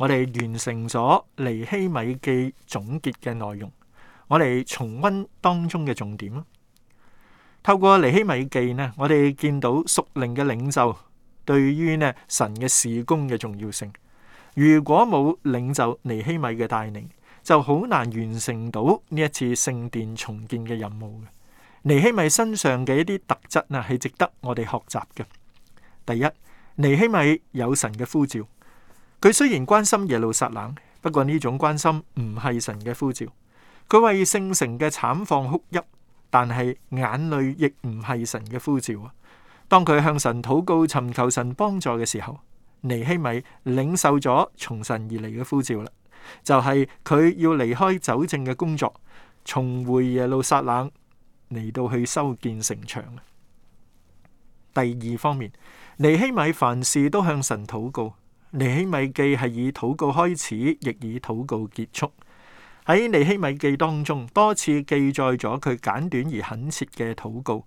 我哋完成咗尼希米記總結嘅內容，我哋重温當中嘅重點。透過尼希米記呢，我哋見到屬靈嘅領袖對於咧神嘅事工嘅重要性。如果冇領袖尼希米嘅帶領，就好難完成到呢一次聖殿重建嘅任務嘅。尼希米身上嘅一啲特質啊，係值得我哋學習嘅。第一，尼希米有神嘅呼召。佢雖然關心耶路撒冷，不過呢種關心唔係神嘅呼召。佢為聖城嘅慘況哭泣，但係眼淚亦唔係神嘅呼召啊！當佢向神禱告、尋求神幫助嘅時候，尼希米領受咗從神而嚟嘅呼召啦，就係、是、佢要離開酒政嘅工作，重回耶路撒冷嚟到去修建城牆。第二方面，尼希米凡事都向神禱告。尼希米記係以禱告開始，亦以禱告結束。喺尼希米記當中，多次記載咗佢簡短而懇切嘅禱告。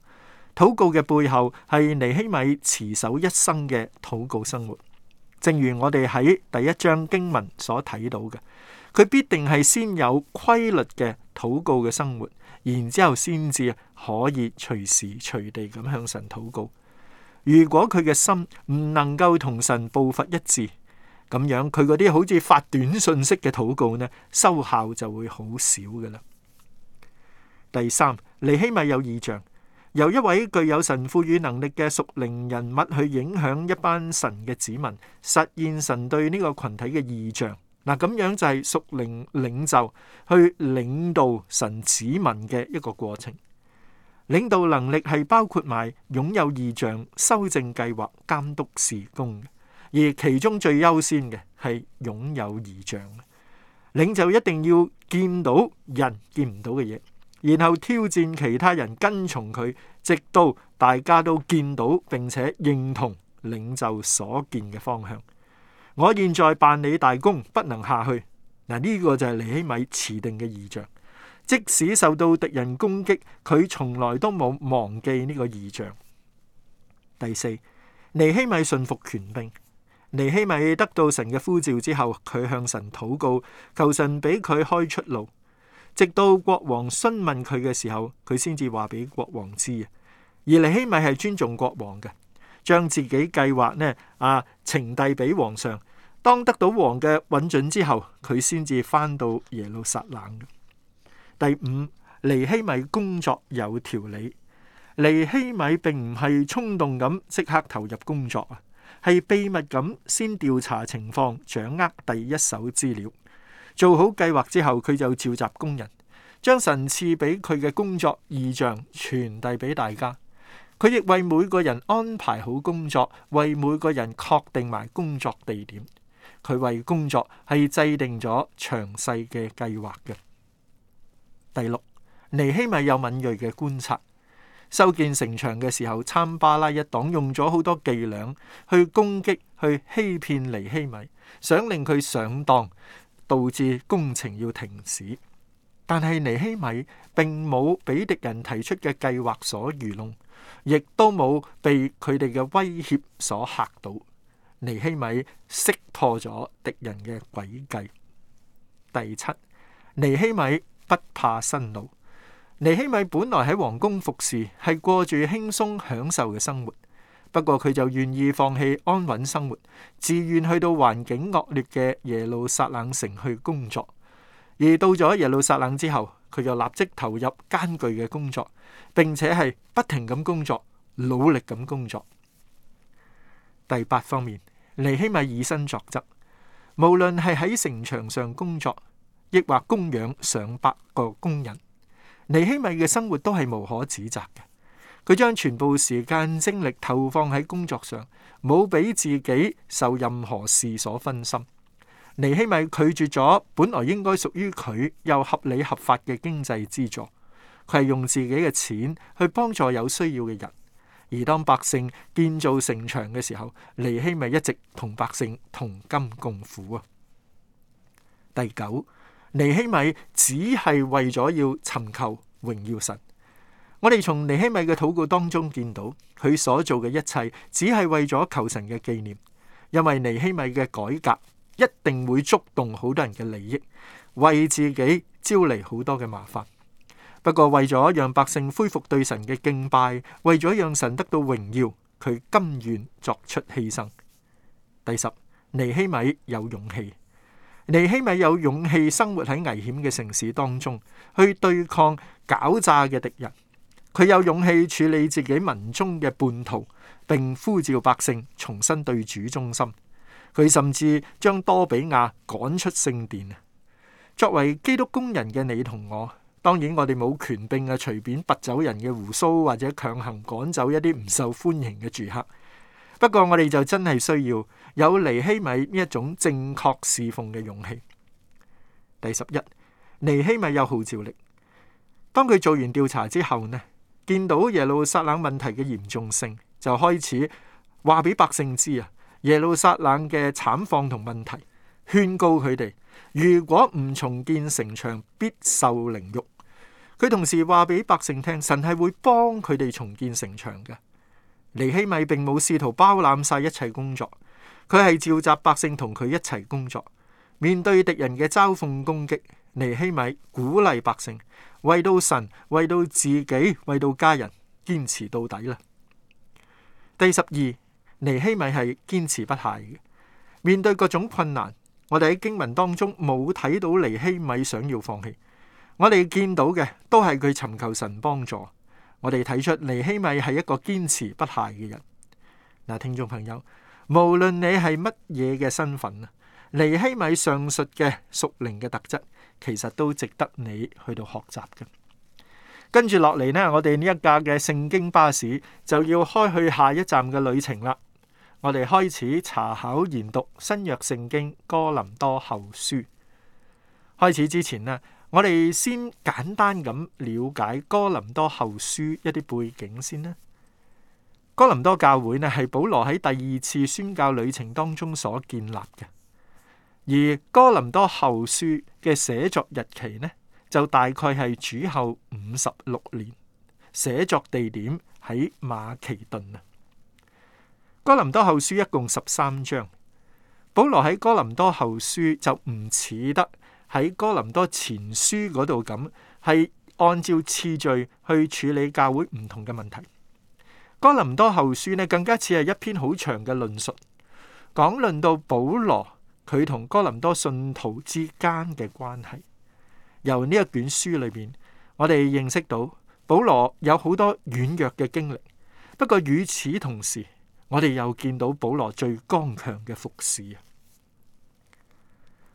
禱告嘅背後係尼希米持守一生嘅禱告生活。正如我哋喺第一章經文所睇到嘅，佢必定係先有規律嘅禱告嘅生活，然之後先至可以隨時隨地咁向神禱告。如果佢嘅心唔能夠同神步伐一致，咁樣佢嗰啲好似發短信息嘅禱告呢，收效就會好少㗎喇。第三，尼希米有異象，由一位具有神賦予能力嘅屬靈人物去影響一班神嘅子民，實現神對呢個群體嘅異象。嗱，咁樣就係屬靈領袖去領導神子民嘅一個過程。領導能力係包括埋擁有異象、修正計劃、監督事工，而其中最優先嘅係擁有異象。領袖一定要見到人見唔到嘅嘢，然後挑戰其他人跟從佢，直到大家都見到並且認同領袖所見嘅方向。我現在辦理大工不能下去，嗱、這、呢個就係尼希米持定嘅異象。即使受到敵人攻擊，佢從來都冇忘記呢個異象。第四，尼希米信服權柄。尼希米得到神嘅呼召之後，佢向神禱告，求神俾佢開出路。直到國王詢問佢嘅時候，佢先至話俾國王知。而尼希米係尊重國王嘅，將自己計劃呢啊呈遞俾皇上。當得到王嘅允准之後，佢先至翻到耶路撒冷。第五，尼希米工作有條理。尼希米並唔係衝動咁即刻投入工作啊，係祕密咁先調查情況，掌握第一手資料。做好計劃之後，佢就召集工人，將神賜俾佢嘅工作意象傳遞俾大家。佢亦為每個人安排好工作，為每個人確定埋工作地點。佢為工作係制定咗詳細嘅計劃嘅。第六，尼希米有敏銳嘅觀察，修建城牆嘅時候，參巴拉一黨用咗好多伎倆去攻擊、去欺騙尼希米，想令佢上當，導致工程要停止。但係尼希米並冇俾敵人提出嘅計劃所愚弄，亦都冇被佢哋嘅威脅所嚇到。尼希米識破咗敵人嘅詭計。第七，尼希米。不怕辛勞，尼希米本來喺皇宮服侍，係過住輕鬆享受嘅生活。不過佢就願意放棄安穩生活，自願去到環境惡劣嘅耶路撒冷城去工作。而到咗耶路撒冷之後，佢又立即投入艱巨嘅工作，並且係不停咁工作，努力咁工作。第八方面，尼希米以身作則，無論係喺城牆上工作。亦或供養上百個工人，尼希米嘅生活都係無可指責嘅。佢將全部時間精力投放喺工作上，冇俾自己受任何事所分心。尼希米拒絕咗本來應該屬於佢又合理合法嘅經濟資助，佢係用自己嘅錢去幫助有需要嘅人。而當百姓建造城牆嘅時候，尼希米一直同百姓同甘共苦啊！第九。尼希米只係為咗要尋求榮耀神。我哋從尼希米嘅禱告當中見到，佢所做嘅一切只係為咗求神嘅紀念。因為尼希米嘅改革一定會觸動好多人嘅利益，為自己招嚟好多嘅麻煩。不過為咗讓百姓恢復對神嘅敬拜，為咗讓神得到榮耀，佢甘願作出犧牲。第十，尼希米有勇氣。尼希米有勇氣生活喺危險嘅城市當中，去對抗狡詐嘅敵人。佢有勇氣處理自己民眾嘅叛徒，並呼召百姓重新對主忠心。佢甚至將多比亞趕出聖殿。作為基督工人嘅你同我，當然我哋冇權並啊隨便拔走人嘅鬍鬚或者強行趕走一啲唔受歡迎嘅住客。不過我哋就真係需要。有尼希米呢一種正確侍奉嘅勇氣。第十一，尼希米有號召力。當佢做完調查之後呢，見到耶路撒冷問題嘅嚴重性，就開始話俾百姓知啊。耶路撒冷嘅慘況同問題，勸告佢哋如果唔重建城牆，必受凌辱。佢同時話俾百姓聽，神係會幫佢哋重建城牆嘅。尼希米並冇試圖包攬晒一切工作。佢係召集百姓同佢一齊工作，面對敵人嘅嘲諷攻擊，尼希米鼓勵百姓為到神、為到自己、為到家人堅持到底啦。第十二，尼希米係堅持不懈嘅。面對各種困難，我哋喺經文當中冇睇到尼希米想要放棄，我哋見到嘅都係佢尋求神幫助。我哋睇出尼希米係一個堅持不懈嘅人。嗱，聽眾朋友。無論你係乜嘢嘅身份啊，尼希米上述嘅屬靈嘅特質，其實都值得你去到學習嘅。跟住落嚟呢，我哋呢一架嘅聖經巴士就要開去下一站嘅旅程啦。我哋開始查考研讀新約聖經哥林多後書。開始之前呢，我哋先簡單咁了解哥林多後書一啲背景先啦。哥林多教會呢，係保羅喺第二次宣教旅程當中所建立嘅，而哥林多後書嘅寫作日期呢，就大概係主後五十六年，寫作地點喺馬其頓啊。哥林多後書一共十三章，保羅喺哥林多後書就唔似得喺哥林多前書嗰度咁係按照次序去處理教會唔同嘅問題。哥林多後書呢，更加似係一篇好長嘅論述，講論到保羅佢同哥林多信徒之間嘅關係。由呢一卷書裏邊，我哋認識到保羅有好多軟弱嘅經歷，不過與此同時，我哋又見到保羅最剛強嘅服侍啊。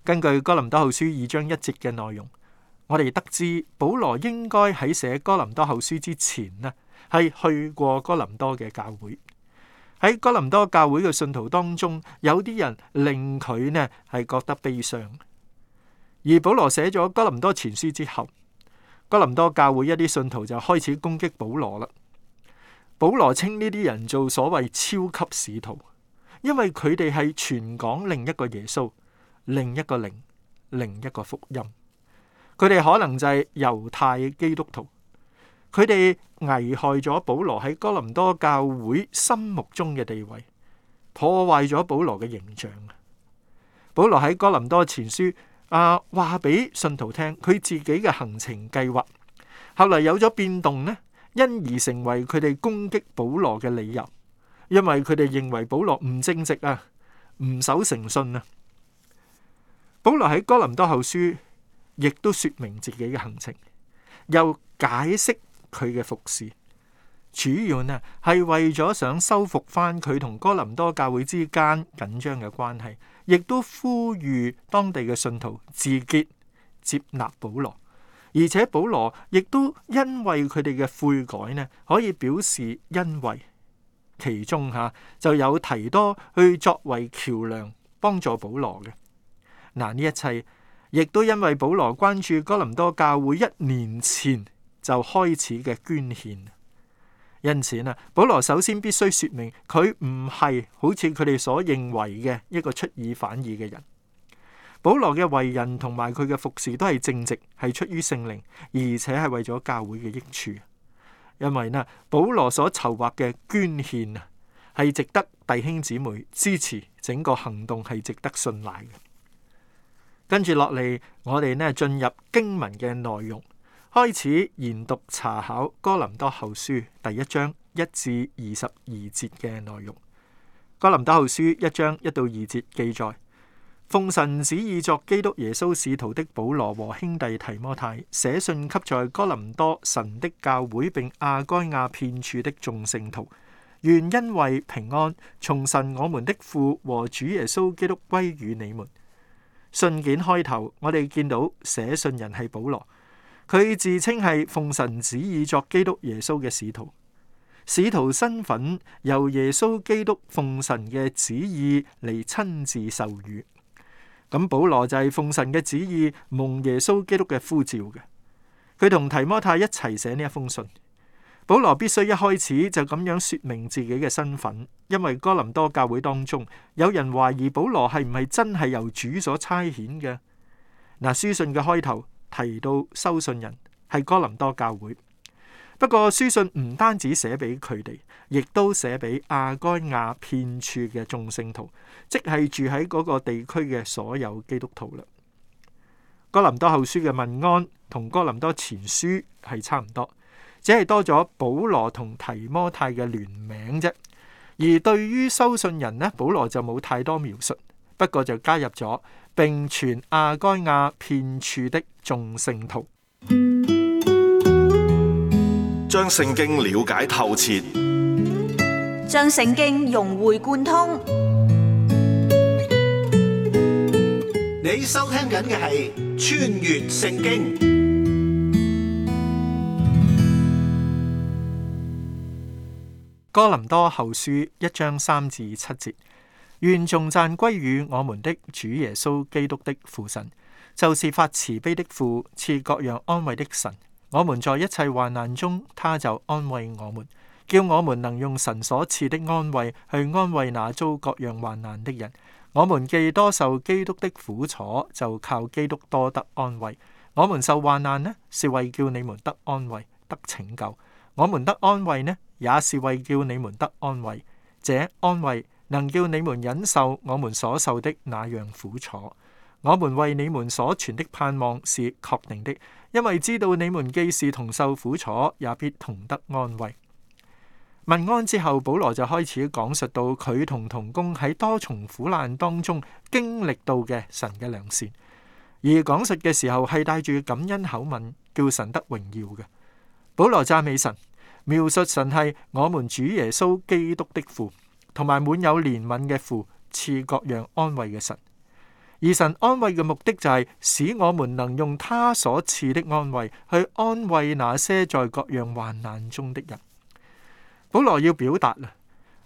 根據哥林多後書二章一節嘅內容，我哋得知保羅應該喺寫哥林多後書之前呢。係去過哥林多嘅教會，喺哥林多教會嘅信徒當中，有啲人令佢呢係覺得悲傷。而保羅寫咗哥林多前書之後，哥林多教會一啲信徒就開始攻擊保羅啦。保羅稱呢啲人做所謂超級使徒，因為佢哋係傳講另一個耶穌、另一個靈、另一個福音。佢哋可能就係猶太基督徒。佢哋危害咗保羅喺哥林多教會心目中嘅地位，破壞咗保羅嘅形象啊！保羅喺哥林多前書啊，話俾信徒聽佢自己嘅行程計劃，後嚟有咗變動咧，因而成為佢哋攻擊保羅嘅理由，因為佢哋認為保羅唔正直啊，唔守誠信啊！保羅喺哥林多後書亦都說明自己嘅行程，又解釋。佢嘅服侍主要呢係為咗想修復翻佢同哥林多教會之間緊張嘅關係，亦都呼籲當地嘅信徒自己接納保羅，而且保羅亦都因為佢哋嘅悔改呢，可以表示欣慰。其中吓就有提多去作為橋樑幫助保羅嘅。嗱，呢一切亦都因為保羅關注哥林多教會一年前。就開始嘅捐獻，因此呢，保羅首先必須說明佢唔係好似佢哋所認為嘅一個出爾反爾嘅人。保羅嘅為人同埋佢嘅服侍都係正直，係出於聖靈，而且係為咗教會嘅益處。因為呢，保羅所籌劃嘅捐獻啊，係值得弟兄姊妹支持，整個行動係值得信賴嘅。跟住落嚟，我哋呢進入經文嘅內容。開始研讀查考哥林多後書第一章一至二十二節嘅內容。哥林多後書一章一到二節記載，奉神旨意作基督耶穌使徒的保羅和兄弟提摩太，寫信給在哥林多神的教會，並亞該亞遍處的眾聖徒，願恩惠、平安，從神我們的父和主耶穌基督歸與你們。信件開頭，我哋見到寫信人係保羅。佢自稱係奉神旨意作基督耶穌嘅使徒，使徒身份由耶穌基督奉神嘅旨意嚟親自授予。咁保羅就係奉神嘅旨意蒙耶穌基督嘅呼召嘅。佢同提摩太一齊寫呢一封信。保羅必須一開始就咁樣說明自己嘅身份，因為哥林多教會當中有人懷疑保羅係唔係真係由主所差遣嘅。嗱，書信嘅開頭。提到收信人係哥林多教會，不過書信唔單止寫俾佢哋，亦都寫俾亞該亞遍處嘅眾聖徒，即係住喺嗰個地區嘅所有基督徒啦。哥林多後書嘅問安同哥林多前書係差唔多，只係多咗保羅同提摩太嘅聯名啫。而對於收信人呢，保羅就冇太多描述，不過就加入咗。並傳阿該亞片處的眾聖徒，將聖經了解透徹，將聖經融會貫通。你收聽緊嘅係《穿越聖經》。哥林多後書一章三至七節。願頌讚歸與我們的主耶穌基督的父神，就是發慈悲的父，賜各樣安慰的神。我們在一切患難中，他就安慰我們，叫我們能用神所賜的安慰去安慰那遭各樣患難的人。我們既多受基督的苦楚，就靠基督多得安慰。我們受患難呢，是為叫你們得安慰，得拯救；我們得安慰呢，也是為叫你們得安慰。這安慰。能叫你們忍受我們所受的那樣苦楚，我們為你們所存的盼望是確定的，因為知道你們既是同受苦楚，也必同得安慰。問安之後，保羅就開始講述到佢同同工喺多重苦難當中經歷到嘅神嘅良善，而講述嘅時候係帶住感恩口吻，叫神得榮耀嘅。保羅讚美神，描述神係我們主耶穌基督的父。同埋滿有憐憫嘅父賜各樣安慰嘅神，而神安慰嘅目的就係使我們能用他所賜的安慰去安慰那些在各樣患難中的人。保羅要表達啦，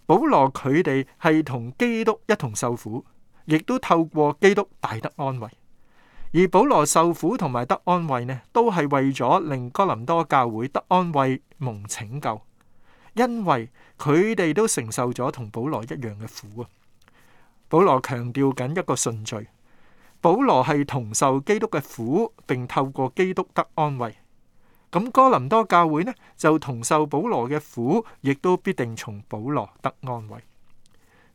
保羅佢哋係同基督一同受苦，亦都透過基督大得安慰。而保羅受苦同埋得安慰呢，都係為咗令哥林多教會得安慰蒙拯救。因為佢哋都承受咗同保羅一樣嘅苦啊！保羅強調緊一個順序，保羅係同受基督嘅苦，並透過基督得安慰。咁哥林多教會呢就同受保羅嘅苦，亦都必定從保羅得安慰。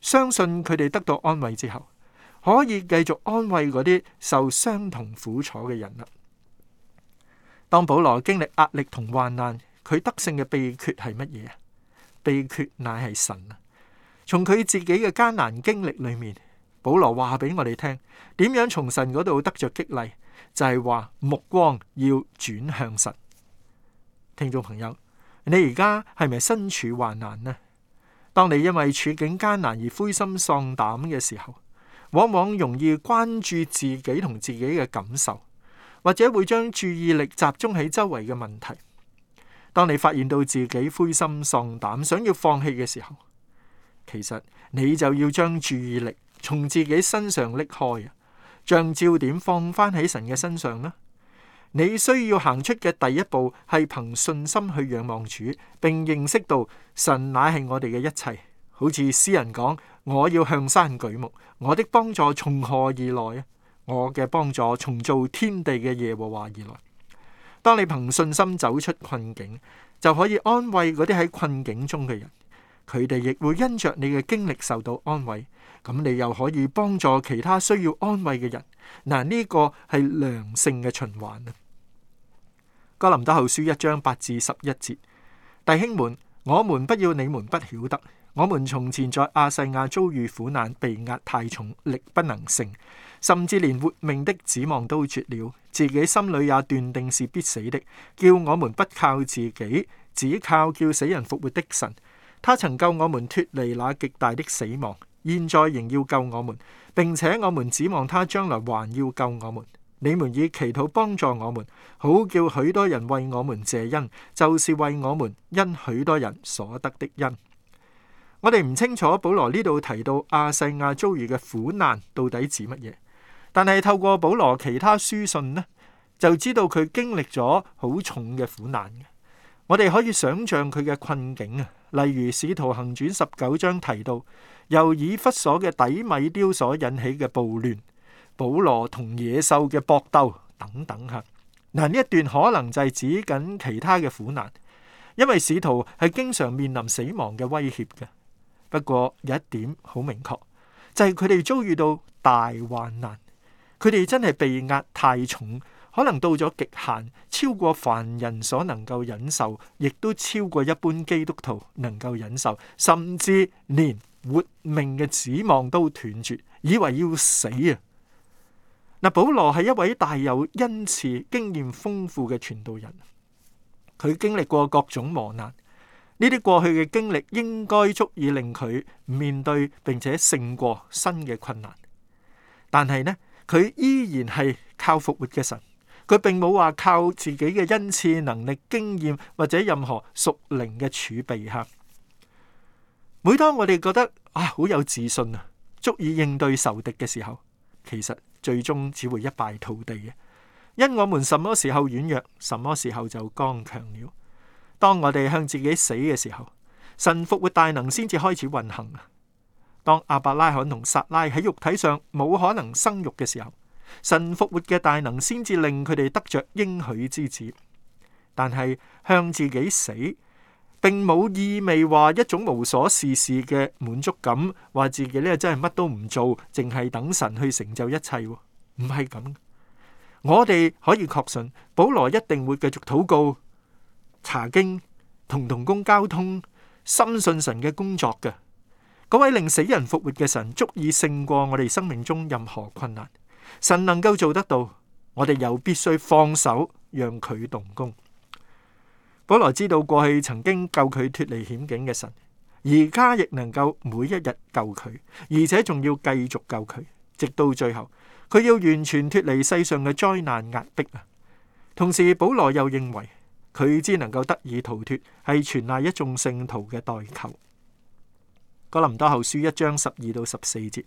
相信佢哋得到安慰之後，可以繼續安慰嗰啲受相同苦楚嘅人啦。當保羅經歷壓力同患難，佢得勝嘅秘訣係乜嘢？秘訣乃係神啊！從佢自己嘅艱難經歷裏面，保羅話俾我哋聽，點樣從神嗰度得着激勵，就係話目光要轉向神。聽眾朋友，你而家係咪身處患難呢？當你因為處境艱難而灰心喪膽嘅時候，往往容易關注自己同自己嘅感受，或者會將注意力集中喺周圍嘅問題。當你發現到自己灰心喪膽，想要放棄嘅時候，其實你就要將注意力從自己身上拎開啊，將焦點放翻喺神嘅身上啦。你需要行出嘅第一步係憑信心去仰望主，並認識到神乃係我哋嘅一切。好似詩人講：我要向山舉目，我的幫助從何而來啊？我嘅幫助從造天地嘅耶和華而來。當你憑信心走出困境，就可以安慰嗰啲喺困境中嘅人，佢哋亦會因着你嘅經歷受到安慰。咁你又可以幫助其他需要安慰嘅人，嗱、這、呢個係良性嘅循環啊！哥林多後書一章八至十一節，弟兄們，我們不要你們不曉得，我們從前在亞細亞遭遇苦難，被壓太重，力不能勝。甚至連活命的指望都絕了，自己心裏也斷定是必死的。叫我們不靠自己，只靠叫死人復活的神。他曾救我們脫離那極大的死亡，現在仍要救我們，並且我們指望他將來還要救我們。你們以祈禱幫助我們，好叫許多人為我們謝恩，就是為我們因許多人所得的恩。我哋唔清楚保羅呢度提到亞細亞遭遇嘅苦難到底指乜嘢？但係透過保羅其他書信呢，就知道佢經歷咗好重嘅苦難嘅。我哋可以想象佢嘅困境啊，例如使徒行傳十九章提到由以弗所嘅底米丟所引起嘅暴亂，保羅同野獸嘅搏鬥等等吓。嗱，呢一段可能就係指緊其他嘅苦難，因為使徒係經常面臨死亡嘅威脅嘅。不過有一點好明確，就係佢哋遭遇到大患難。佢哋真係被壓太重，可能到咗極限，超過凡人所能夠忍受，亦都超過一般基督徒能夠忍受，甚至連活命嘅指望都斷絕，以為要死啊！嗱，保羅係一位大有恩賜、經驗豐富嘅傳道人，佢經歷過各種磨難，呢啲過去嘅經歷應該足以令佢面對並且勝過新嘅困難，但係呢？佢依然係靠復活嘅神，佢並冇話靠自己嘅恩賜能力、經驗或者任何屬靈嘅儲備吓。每當我哋覺得啊、哎、好有自信啊，足以應對仇敵嘅時候，其實最終只會一敗塗地嘅。因我們什麼時候軟弱，什麼時候就剛強了。當我哋向自己死嘅時候，神復活大能先至開始運行。當阿伯拉罕同撒拉喺肉體上冇可能生育嘅時候，神復活嘅大能先至令佢哋得着應許之子。但係向自己死，並冇意味話一種無所事事嘅滿足感，話自己咧，真係乜都唔做，淨係等神去成就一切。唔係咁，我哋可以確信保羅一定會繼續禱告、查經、同同工交通，深信神嘅工作嘅。嗰位令死人復活嘅神，足以勝過我哋生命中任何困難。神能夠做得到，我哋又必須放手讓佢動工。保羅知道過去曾經救佢脫離險境嘅神，而家亦能夠每一日救佢，而且仲要繼續救佢，直到最後，佢要完全脫離世上嘅災難壓迫啊！同時，保羅又認為佢只能夠得以逃脫，係全賴一眾聖徒嘅代求。哥林多後書一章十二到十四節，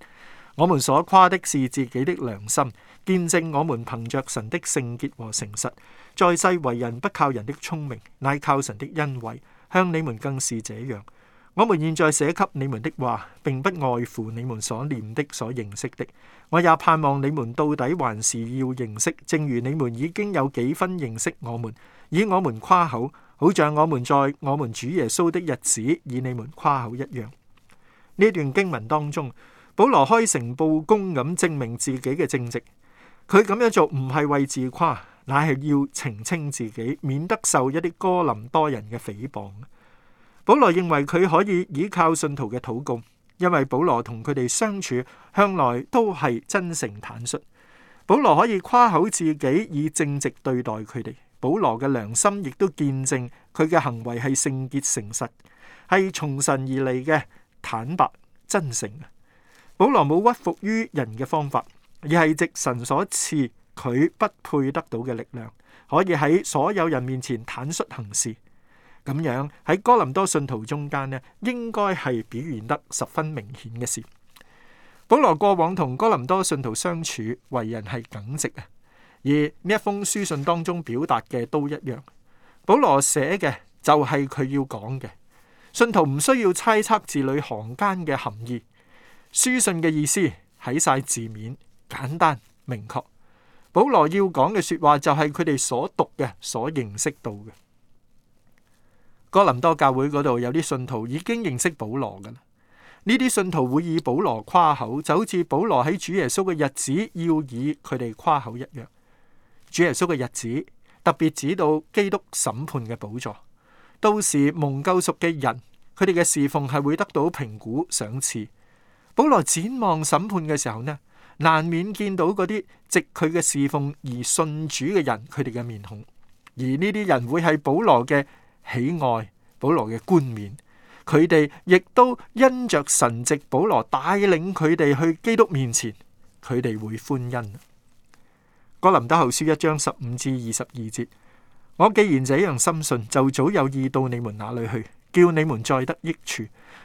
我們所誇的是自己的良心，見證我們憑着神的聖潔和誠實，在世為人不靠人的聰明，乃靠神的恩惠。向你們更是這樣。我們現在寫給你們的話，並不外乎你們所念的、所認識的。我也盼望你們到底還是要認識，正如你們已經有幾分認識我們，以我們誇口，好像我們在我們主耶穌的日子，以你們誇口一樣。呢段經文當中，保羅開誠佈公咁證明自己嘅正直。佢咁樣做唔係為自誇，乃係要澄清自己，免得受一啲哥林多人嘅誹謗。保羅認為佢可以倚靠信徒嘅禱告，因為保羅同佢哋相處向來都係真誠坦率。保羅可以誇口自己，以正直對待佢哋。保羅嘅良心亦都見證佢嘅行為係聖潔誠實，係從神而嚟嘅。坦白、真誠啊！保羅冇屈服於人嘅方法，而係藉神所賜佢不配得到嘅力量，可以喺所有人面前坦率行事。咁樣喺哥林多信徒中間咧，應該係表現得十分明顯嘅事。保羅過往同哥林多信徒相處，為人係耿直啊，而呢一封書信當中表達嘅都一樣。保羅寫嘅就係佢要講嘅。信徒唔需要猜測字裏行間嘅含義，書信嘅意思喺晒字面，簡單明確。保羅要講嘅說話就係佢哋所讀嘅、所認識到嘅。哥林多教會嗰度有啲信徒已經認識保羅噶啦，呢啲信徒會以保羅誇口，就好似保羅喺主耶穌嘅日子要以佢哋誇口一樣。主耶穌嘅日子特別指到基督審判嘅寶座。都是蒙救贖嘅人，佢哋嘅侍奉係會得到評估賞賜。保羅展望審判嘅時候呢，難免見到嗰啲藉佢嘅侍奉而信主嘅人，佢哋嘅面孔。而呢啲人會係保羅嘅喜愛，保羅嘅冠冕。佢哋亦都因着神藉保羅帶領佢哋去基督面前，佢哋會歡欣。哥林德後書一章十五至二十二節。我既然這樣深信，就早有意到你們那裡去，叫你們再得益處；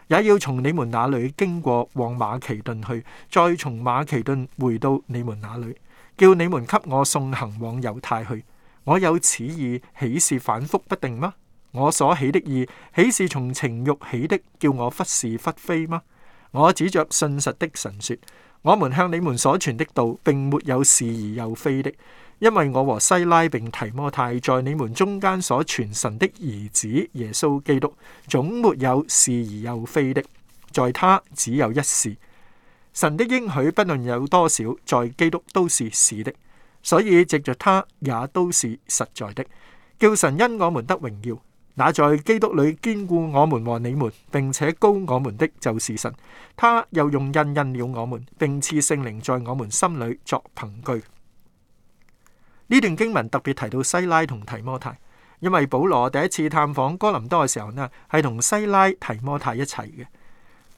也要從你們那裡經過往馬其頓去，再從馬其頓回到你們那裡，叫你們給我送行往猶太去。我有此意，豈是反覆不定嗎？我所起的意，豈是從情欲起的，叫我忽是忽非嗎？我指着信實的神說。我們向你們所傳的道，並沒有是而又非的，因為我和西拉並提摩太在你們中間所傳神的兒子耶穌基督，總沒有是而又非的，在他只有一是。神的應許不論有多少，在基督都是是的，所以藉着他也都是實在的，叫神因我們得榮耀。那在基督裏堅固我們和你們，並且高我們的就是神，他又用印印了我們，並賜聖靈在我們心裏作憑據。呢段經文特別提到西拉同提摩太，因為保羅第一次探訪哥林多嘅時候呢係同西拉、提摩太一齊嘅。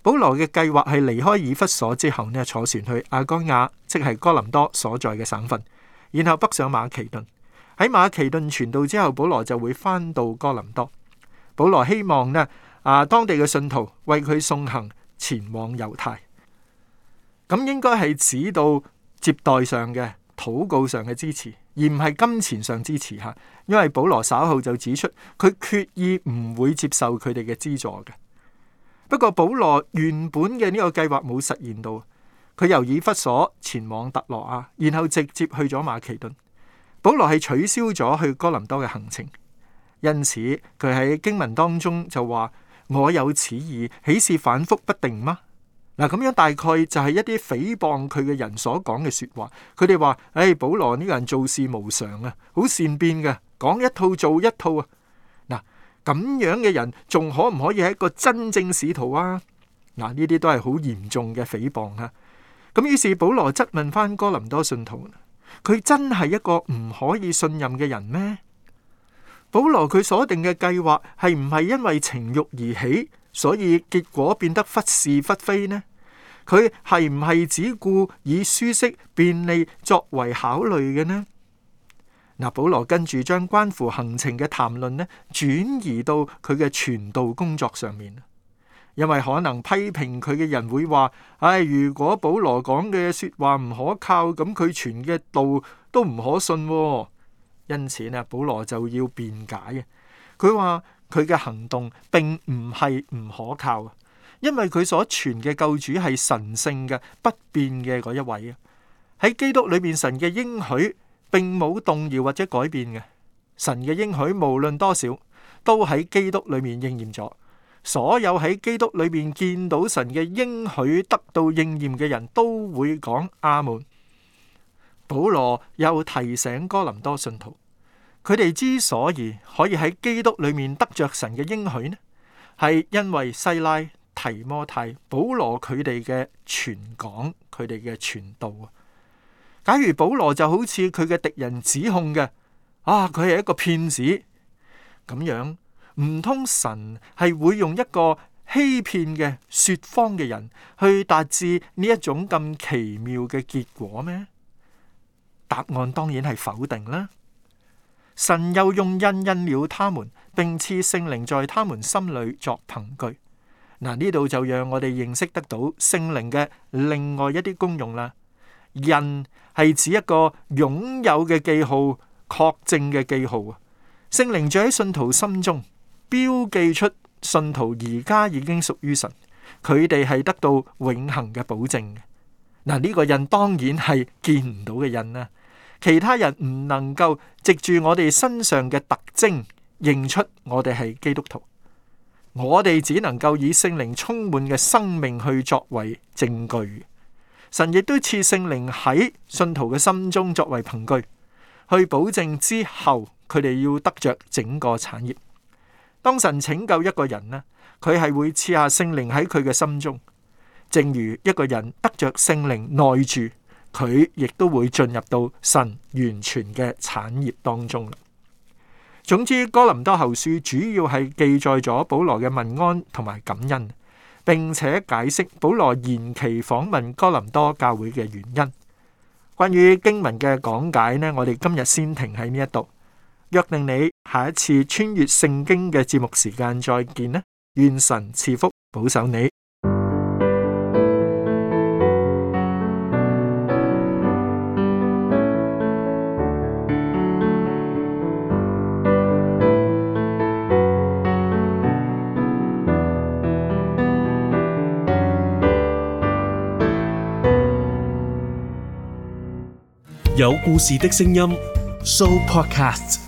保羅嘅計劃係離開以弗所之後呢，坐船去阿哥亞，即係哥林多所在嘅省份，然後北上馬其頓。喺馬其頓傳道之後，保羅就會返到哥林多。保羅希望呢，啊當地嘅信徒為佢送行前往猶太。咁應該係指到接待上嘅禱告上嘅支持，而唔係金錢上支持吓。因為保羅稍後就指出，佢決意唔會接受佢哋嘅資助嘅。不過保羅原本嘅呢個計劃冇實現到，佢由以弗所前往特羅亞，然後直接去咗馬其頓。保羅係取消咗去哥林多嘅行程，因此佢喺經文當中就話：我有此意，豈是反覆不定嗎？嗱，咁樣大概就係一啲誹謗佢嘅人所講嘅說話。佢哋話：誒，保羅呢個人做事無常啊，好善變嘅，講一套做一套啊。嗱，咁樣嘅人仲可唔可以係一個真正使徒啊？嗱，呢啲都係好嚴重嘅誹謗啊。咁於是保羅質問翻哥林多信徒。佢真係一個唔可以信任嘅人咩？保羅佢所定嘅計劃係唔係因為情欲而起，所以結果變得忽是忽非呢？佢係唔係只顧以舒適便利作為考慮嘅呢？嗱，保羅跟住將關乎行程嘅談論呢，轉移到佢嘅傳道工作上面。因為可能批評佢嘅人會話：唉、哎，如果保羅講嘅說話唔可靠，咁佢傳嘅道都唔可信、哦。因此呢，保羅就要辯解嘅。佢話佢嘅行動並唔係唔可靠，因為佢所傳嘅救主係神聖嘅、不變嘅嗰一位啊。喺基督裏邊，神嘅應許並冇動搖或者改變嘅。神嘅應許無論多少，都喺基督裏面應驗咗。所有喺基督裏面見到神嘅應許得到應驗嘅人都會講阿門。保羅又提醒哥林多信徒，佢哋之所以可以喺基督裏面得着神嘅應許呢，係因為西拉、提摩太、保羅佢哋嘅傳講，佢哋嘅傳道啊。假如保羅就好似佢嘅敵人指控嘅，啊，佢係一個騙子咁樣。唔通神係會用一個欺騙嘅說謊嘅人去達至呢一種咁奇妙嘅結果咩？答案當然係否定啦。神又用印印了他們，並賜聖靈在他們心裏作憑據。嗱，呢度就讓我哋認識得到聖靈嘅另外一啲功用啦。印係指一個擁有嘅記號，確證嘅記號啊。聖靈住喺信徒心中，標記出信徒而家已經屬於神，佢哋係得到永恆嘅保證。嗱，呢個印當然係見唔到嘅印啦。其他人唔能夠藉住我哋身上嘅特徵認出我哋係基督徒，我哋只能夠以聖靈充滿嘅生命去作為證據。神亦都賜聖靈喺信徒嘅心中作為憑據，去保證之後佢哋要得着整個產業。當神拯救一個人呢，佢係會賜下聖靈喺佢嘅心中，正如一個人得着聖靈內住，佢亦都會進入到神完全嘅產業當中啦。總之，哥林多後書主要係記載咗保羅嘅問安同埋感恩，並且解釋保羅延期訪問哥林多教會嘅原因。關於經文嘅講解呢，我哋今日先停喺呢一度，約定你。下一次穿越聖經嘅節目時間再見啦！願神賜福保守你。有故事的聲音 show podcast。